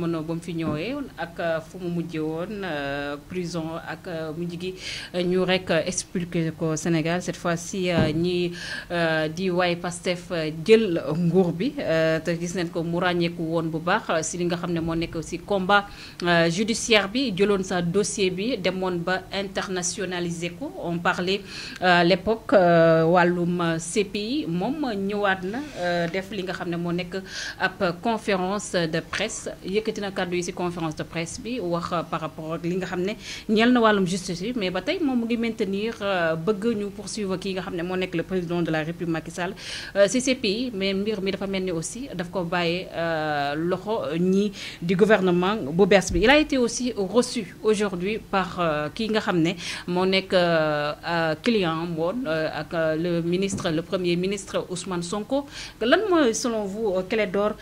mënoo ba fi ñëwee ak euh, fu mu mujjee woon euh, prison ak euh, mujj gi ñu rek expliquer ko Sénégal cette fois-ci ñi di way Pastef jël nguur bi te gis nañ ko mu ràññeeku won bu baax si li nga xam mo nekk combat judiciaire bi jëloon sa dossier bi demoon ba internationaliser ko on parlait l'époque l'époque wàllum CPI mom ñëwaat na def li nga xam mo nekk conférence de presse yëkkati na kàddu yi cette conférence de presse bi wax euh, par rapport ak li nga xam ne ñeel na wàllum justice mais ba tey ngi maintenir euh, bëgg ñu poursuivre ki nga xam ne moo le président de la république Macky Sall euh, ces pays mais mbir mi dafa mel aussi daf ko bàyyee loxo ñi du gouvernement bu bees bi il a été aussi reçu aujourd'hui par ki nga xam ne client ak le ministre le premier ministre Ousmane Sonko lan mooy selon vous Clédor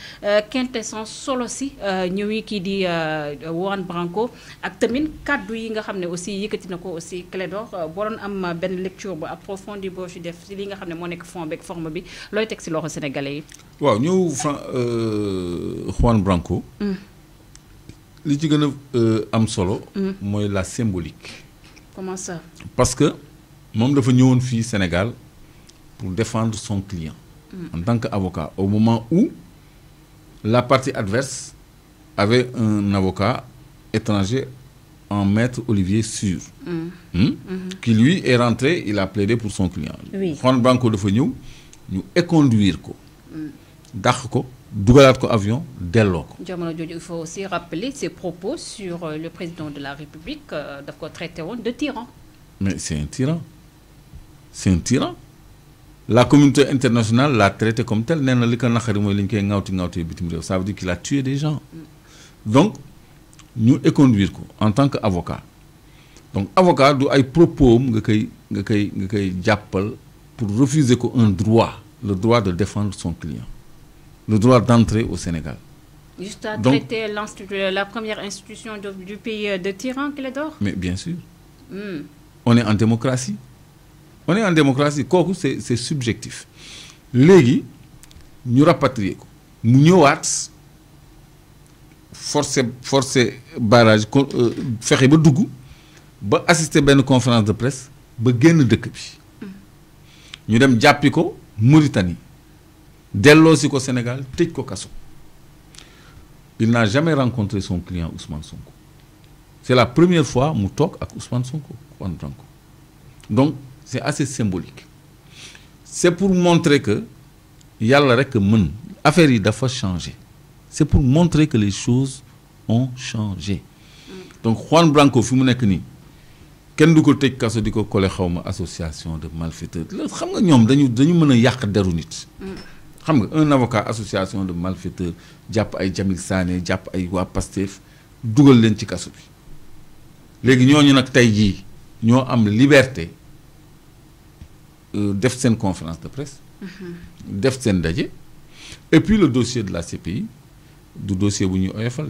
quintessence solo ci ñu ngi kii di euh, Juan Branco ak tamit kaddu yi nga xam ne aussi yëkkati na ko aussi Clédor euh, boo doon am euh, benn lecture bu approfondie boo ci def ci li nga xam ne moo nekk fond beeg forme bi looy teg ci loxo sénégalais yi. waaw ñëw Fran Juan Branco. Mm. li ci gën a am solo. Mm. mooy la symbolique. comment ça. parce que moom dafa ñëwoon fii Sénégal pour défendre son client. Mm. en tant qu'avocat au moment où la partie adverse avait un avocat étranger en maître Olivier Sûr, mm. hmm, mm-hmm. qui lui est rentré, il a plaidé pour son client. éconduire ko. Mm. ko avion il faut aussi rappeler ses propos sur euh, le président de la République euh, de ko traité de tyran. mais c'est un tyran c'est un tyran la communauté internationale l'a traité comme tel ça veut dire qu'il a tué des gens. Mm donc nous éconduire ko en tant qu'avocat. donc avocat du ay propos nga kay nga nga pour refuser ko un droit le droit de défendre son client le droit d'entrer au Sénégal. juste à traiter la première institution du pays de tyran Clédor. mais bien sûr. Hmm. on est en démocratie. on est en démocratie kooku c'est c'est subjectif légui ñu rapatrier ko mu ñëwaat forcé forcé barrage euh, faire ba dugg ba assister une conférence de presse ba génn dëkk bi mm. ñu dem Mauritanie delloosi ko Sénégal tëj ko il n'a jamais rencontré son client Ousmane Sonko c'est la première fois mu tok ak Ousmane Sonko donc c'est assez symbolique c'est pour montrer que yalla a mën affaire yi dafa changer c'est pour montrer que les choses ont changé. donc Juan Blanco, fi mu nekk nii kenn du ko tëj kaso di association de malfaiteurs vous xam nga ñoom dañu dañu mën a deru nit. xam nga un avocat association de malfaiteurs jàpp ay Jamil Sane, jàpp ay Wa Pastef dugal leen ci kaso bi léegi ñooñu nag tey jii ñoo am liberté euh, def conférence de presse. Mhm. def seen daje et puis le dossier de la CPI du dossier bu ñuy fait.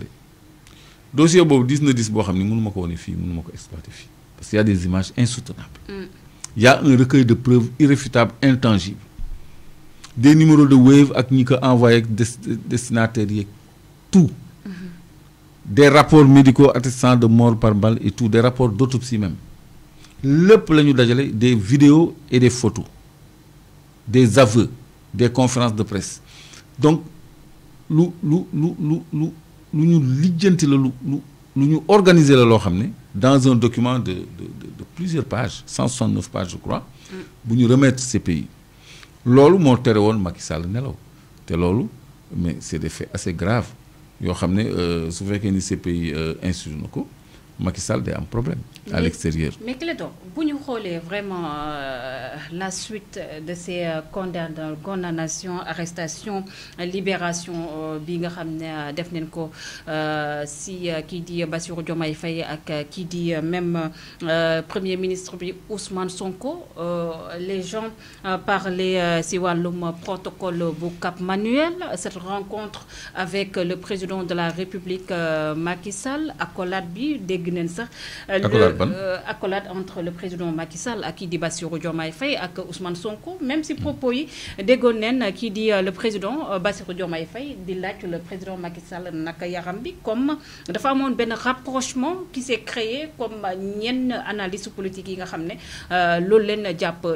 dossier boobu dis na dis boo xam ne mënu ko wane fii mënu ko exploiter fii parce qu'il y a des images insoutenables. il mm. y a un recueil de preuves irréfutables intangibles des numéros de Wave ak ñi ko envoyé des destinataires yeeg tout. Mm-hmm. des rapports médicaux attestant de mort par balle et tout des rapports d'autopsie même lépp la ñu des vidéos et des photos des aveux des conférences de presse donc lu lu lu lu lu lu ñu lijjanti la lu lu ñu organiser la loo xam dans un document de de de plusieurs pages 169 pages je crois bu ñu remettre ces pays loolu moo tere woon Macky Sall nelaw te loolu mais c'est des faits assez graves yoo xam ne euh, su fekkee ni ces pays euh, insurgé ko Macky Sall day am problème à l'extérieur. Mais Clédor bu ñu xoolee vraiment euh, la suite de ces euh, condamnations arrestations libération euh, bi nga xam ne def ko si kii di Bassirou Diomaye Faye ak di même premier ministre bi Ousmane Sonko les gens parlaient si wàllum protocole bu Manuel cette rencontre avec le président de la République Macky Sall accolade bi dégg neen sax. Euh, euh, accolade entre le président Macky Sall ak di Bassirou Diomaye Faye ak Ousmane Sonko même si hmm. propos yi déggoon neen kii di euh, le président Bassirou Diomaye Faye di laaj le président Macky Sall naka yaram bi comme dafa amoon benn rapprochement qui s'est créé comme ñenn analyse politique yi nga xam ne loolu leen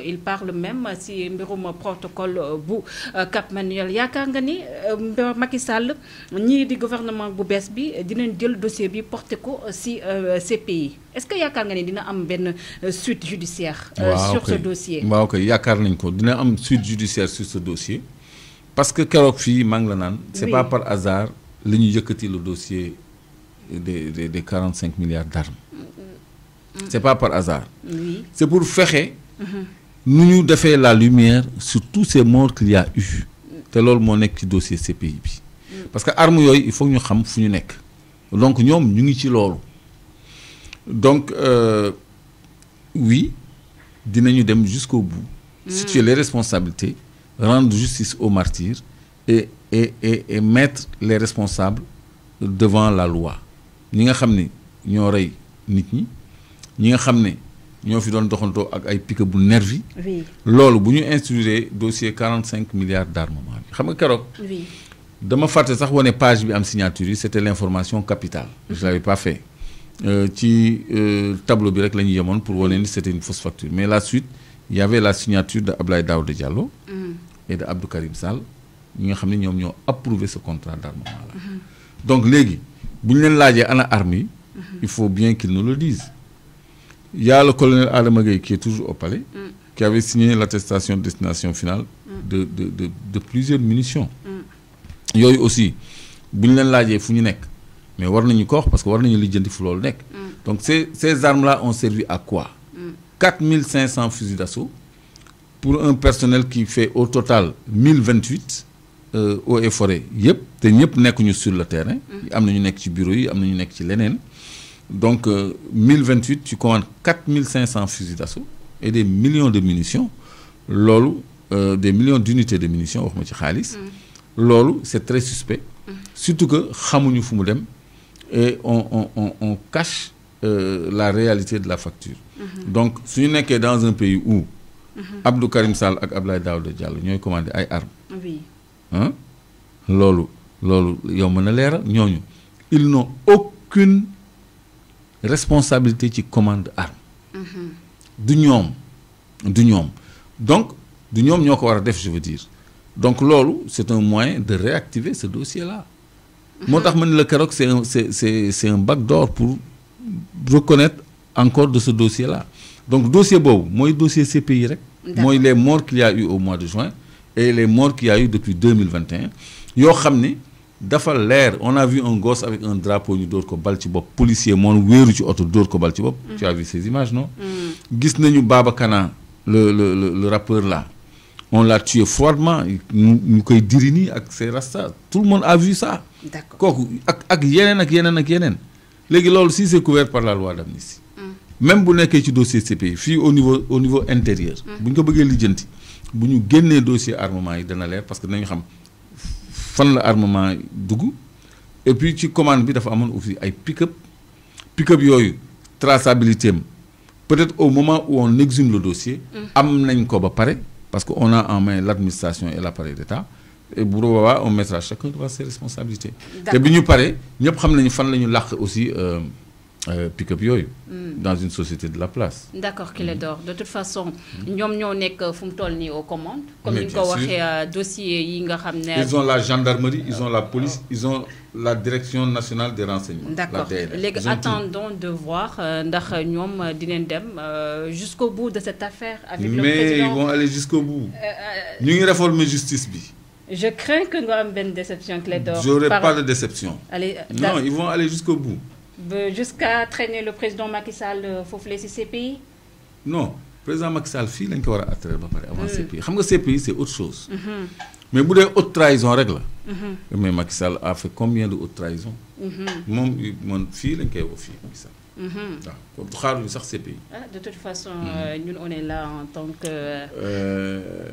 il parle même si mbirum protocole bu Cap Manuel yaakaar nga ni Macky Sall ñii di gouvernement bu bees bi dinañ jël dossier bi porté ko si. Euh, CPI. est-ce qu'il y a une dina am ben suite judiciaire. Euh, sur ce dossier Il y a une dina am suite judiciaire sur ce dossier. parce que ce n'est c'est pas par hasard li ñu yëkkati le dossier des 45 milliards d'armes. c'est pas par hasard. oui c'est pour faire mm-hmm. la lumière sur tous ces morts qu'il y a eu. C'est loolu mo nek ci dossier CPI mm. parce que armes yoy il faut ñu xam fu ñu donc ñom ñu ngi ci lolu donc euh, oui dinañu dem jusqu'au bout mm. situer les responsabilités rendre justice aux martyrs et et et, et mettre les responsables devant la loi Nous nga xamné nous ñoo rey nit ñi savons nga xamné ne ñoo fi doon doxantoo ak ay pique bu nervi loolu dossier 45 milliards d'armement xam nga Oui. dama faté sax woné page bi am signature c'était l'information capitale je mm-hmm. l'avais pas fait euh, ci euh, tableau bi rek la pour voir ni c'était une fausse facture mais la suite il y avait la signature de Abdoulaye Diallo. Mm. et de Abdou Karim Sall ñi nga approuvé ce contrat d'armement mm-hmm. donc légui buñu leen ana mm-hmm. il faut bien qu'ils nous le disent. Il y a le colonel Adama Gueye qui est toujours au palais, mm. qui avait signé l'attestation de destination finale mm. de, de, de, plusieurs munitions. Il y a aussi, si nous mais war nañu ko parce que war nañu li fu loolu nekk. Mm. donc ces ces armes là ont servi à quoi. 4500 mm. fusils d'assaut pour un personnel qui fait au total 1028 028 euh, et forêts yëpp te ñëpp nekkuñu sur le terrain. Mm. am na ñu nekk ci bureau yi am na ñu nekk ci leneen donc 1028 euh, tu commandes 4500 fusils d'assaut et des millions de munitions loolu euh, des millions d'unités de munitions wax ma ci c'est très suspect. surtout que xamuñu fu mu dem et on, on, on, on cache euh, la réalité de la facture. Mhm. Donc, si on est dans un pays où mhm. Abdou Karim Sall et Abdoulaye Daouda Diallo ont commandé des armes, oui. hein? ils n'ont aucune responsabilité qui commande armes. Mm -hmm. du ñoom du donc du je veux dire donc c'est un moyen de réactiver ce dossier là moo man le kérok c'est c'est c'est un bac d'or pour reconnaître encore de ce dossier là donc dossier boobu moy dossier CPI rek. moy les morts qu'il y a eu au mois de juin et les morts qu'il y a eu depuis 2021 yo xamné dafa on a vu un gosse avec un drapeau ñu dóor ko bal ci bopp policier mon wéeru ci autre d'or ko bal ci mm. tu as vu ces images non. Mm. gis nañu Baba Kana le le le le rappeur là. on l'a tué froidement, nous, nous, nous, nous, nous, tout le monde a vu ça d'accord kooku ak ak yeneen ak yeneen ak yeneen léegi si c'est couvert par la loi d'amnistie mm. même bu nekkee ci dossier CPI au niveau au niveau intérieur vous mm. ñu ko bëggee lijjanti dossier armement yi dana parce que vous xam fan la armement et puis ci commande bi dafa a aussi ay pick-up pick-up yooyu traçabilité peut-être au moment où on exhume le dossier mm. am nañ ko ba parce qu'on a en main l'administration et l'appareil d'État et on mettra chacun de ses responsabilités. Et bi nous parlons, nous xam nañu fan la aussi euh, euh, pick-up yoy hmm. dans une société de la place. D'accord, est hmm. d'or. de toute façon. nous hmm. ñoo aux commandes. comme ni euh, dossier ils ont la gendarmerie ils ont la oh. police ils ont la direction nationale des renseignements. D'accord, attendons de voir ndax nous dem jusqu'au bout de cette affaire. avec le président mais ils vont aller jusqu'au bout. Nous ngi réformer justice bi. Je crains que nous avons une déception, Je n'aurai pas de déception. non, ils vont aller jusqu'au bout. Jusqu'à traîner le président Macky Sall euh, faufler ces pays Non, le président Macky Sall, fille, il a attirer avant CPI. Vous savez, pays, c'est autre chose. Mm -hmm. Mais vous avez haute trahison, règle. Hmm. Mais Macky Sall a fait combien de haute trahison mm -hmm. Mon, mon trahison. il a pas Macky Sall. Hmm. Ah, de toute façon, hmm. euh, nous, on est là en tant que... Euh,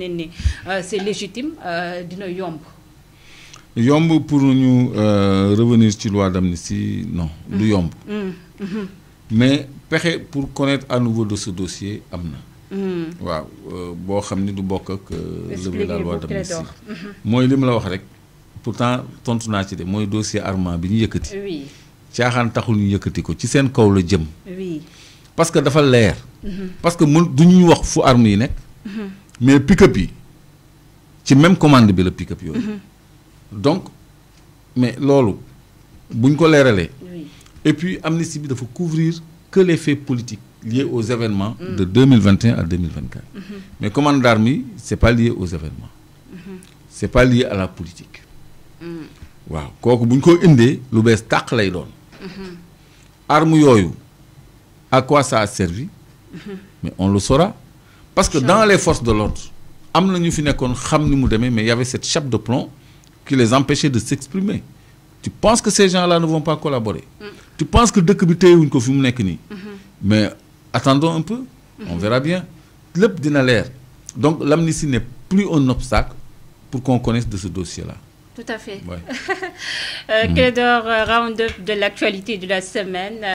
ne ni euh, c'est légitime euh, dina yomb. yomb pour ñu euh, revenir ci loi d'amnistie non mm. du yomb. Mm, mm-hmm. mais pexé pour connaître à nouveau de ce dossier amna na. Mm. waaw boo xam du bokk ak. levée la loi d'amnistie moy mm-hmm. lim la wax rek pourtant tontu naa ci de moy dossier Armand bi ñu yëkëti oui caaxaan taxul ñu yëkëti ko ci seen kaw la jëm. oui parce que dafa leer. Mm-hmm. parce que mën du ñu wax fu arme yi nek mais pick-up c'est même commande bi le pick-up mhm. donc mais lolo, buñ ko et puis il bi faut couvrir que les faits politiques liés aux événements. Mhm. de 2021 à 2024. Mhm. mais commande d'armée, ce n'est pas lié aux événements. c'est pas lié à la politique. waaw kooku buñ ko indee lu bees tàq lay arme à quoi ça a servi. mais on le saura parce que dans les forces de l'ordre il y avait cette chape de plomb qui les empêchait de s'exprimer tu penses que ces gens-là ne vont pas collaborer mm. tu penses que dëkk bi une ko mm-hmm. mais attendons un peu mm-hmm. on verra bien Le donc l'amnistie n'est plus un obstacle pour qu'on connaisse de ce dossier-là tout à fait Quel est le round-up de l'actualité de la semaine